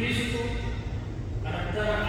físico, carácter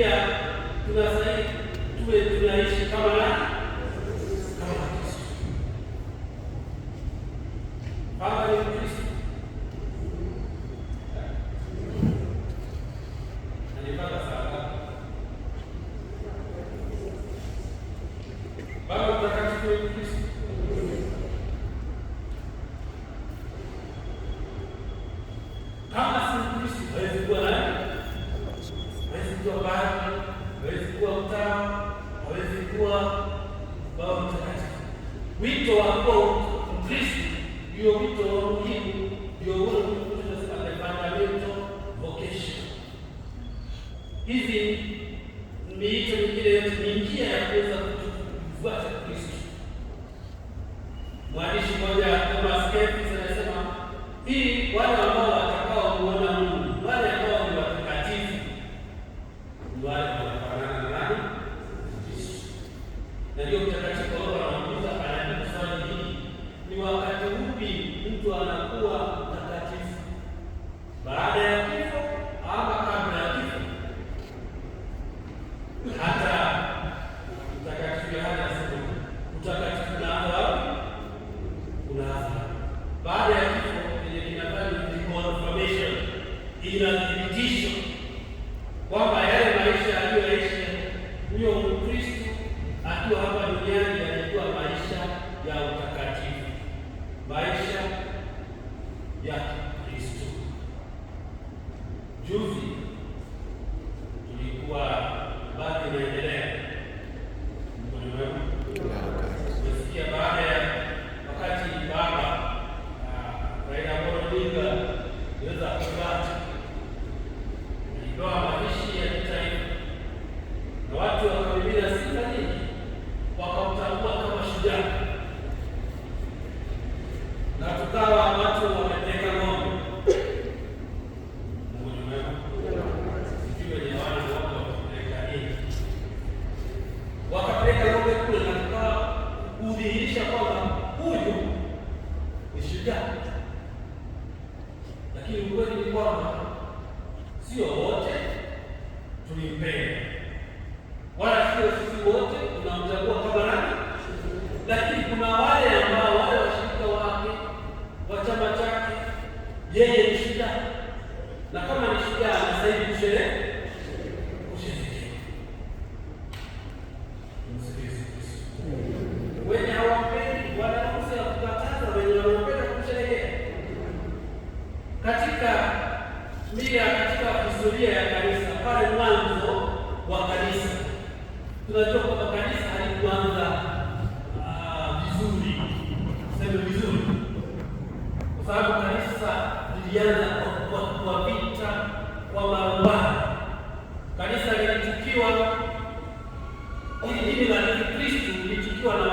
pia tunaishi kama kuwa Baba Mtakatifu. Wito wa kuwa Mkristo ndio wito wa muhimu, ndio ule fundamental vocation. Hizi miito mingine yote ni njia ya kuweza you have a historia ya kanisa pale mwanzo wa kanisa. Tunajua kwamba kanisa halikuanza ah, vizuri, sema vizuri, kwa sababu kanisa lilianza kwa vita, kwa maumbano. Kanisa lilichukiwa, ili dini la Kristo lilichukiwa na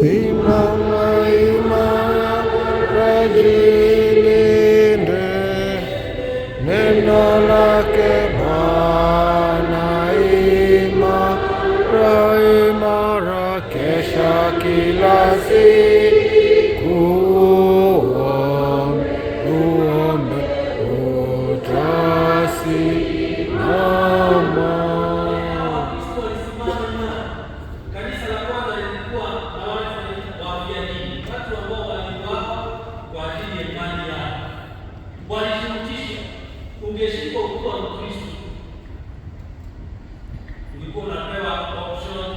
faith. ungeshika ukiwa Mkristo ulikuwa unapewa option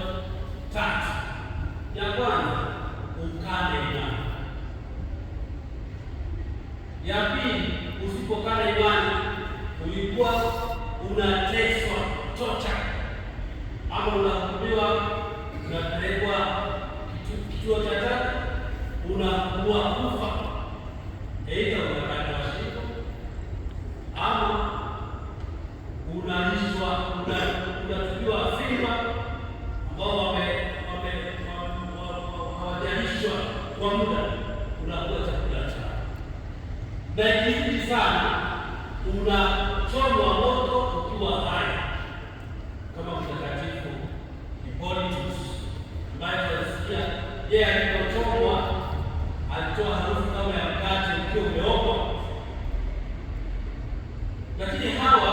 tatu. Ya kwanza ukane imani, ya pili usipokana imani ulikuwa unateswa tocha, ama unahukumiwa, unapelekwa kituo cha tatu, unakuwa kufa aidha unakula chakula chao. Dakizidi sana unachomwa moto ukiwa hai kama mtakatifu Hippolytus ambaye tunasikia yeye alipochomwa alitoa harufu kama ya mkate ukiwa umeokwa, lakini hawa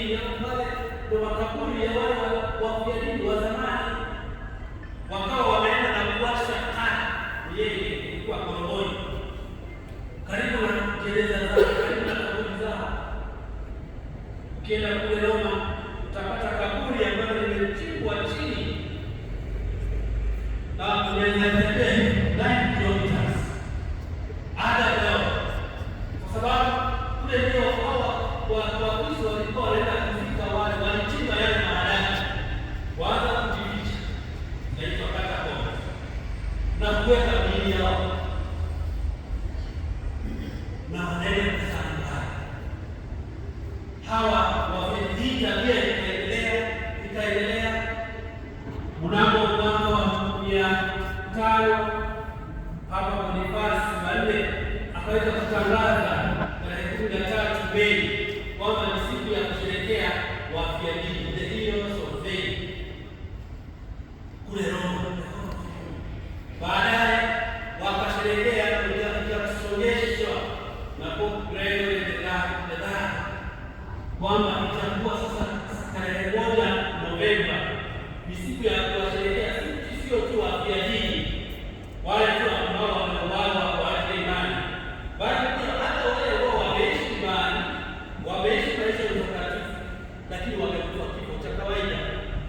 ndio makaburi ya wale wafia wa zamani, wakawa wameenda na kuwasha taa. Yeye ilikuwa Korogoni, karibu na gereza zao, karibu na kaburi zao, ukienda kule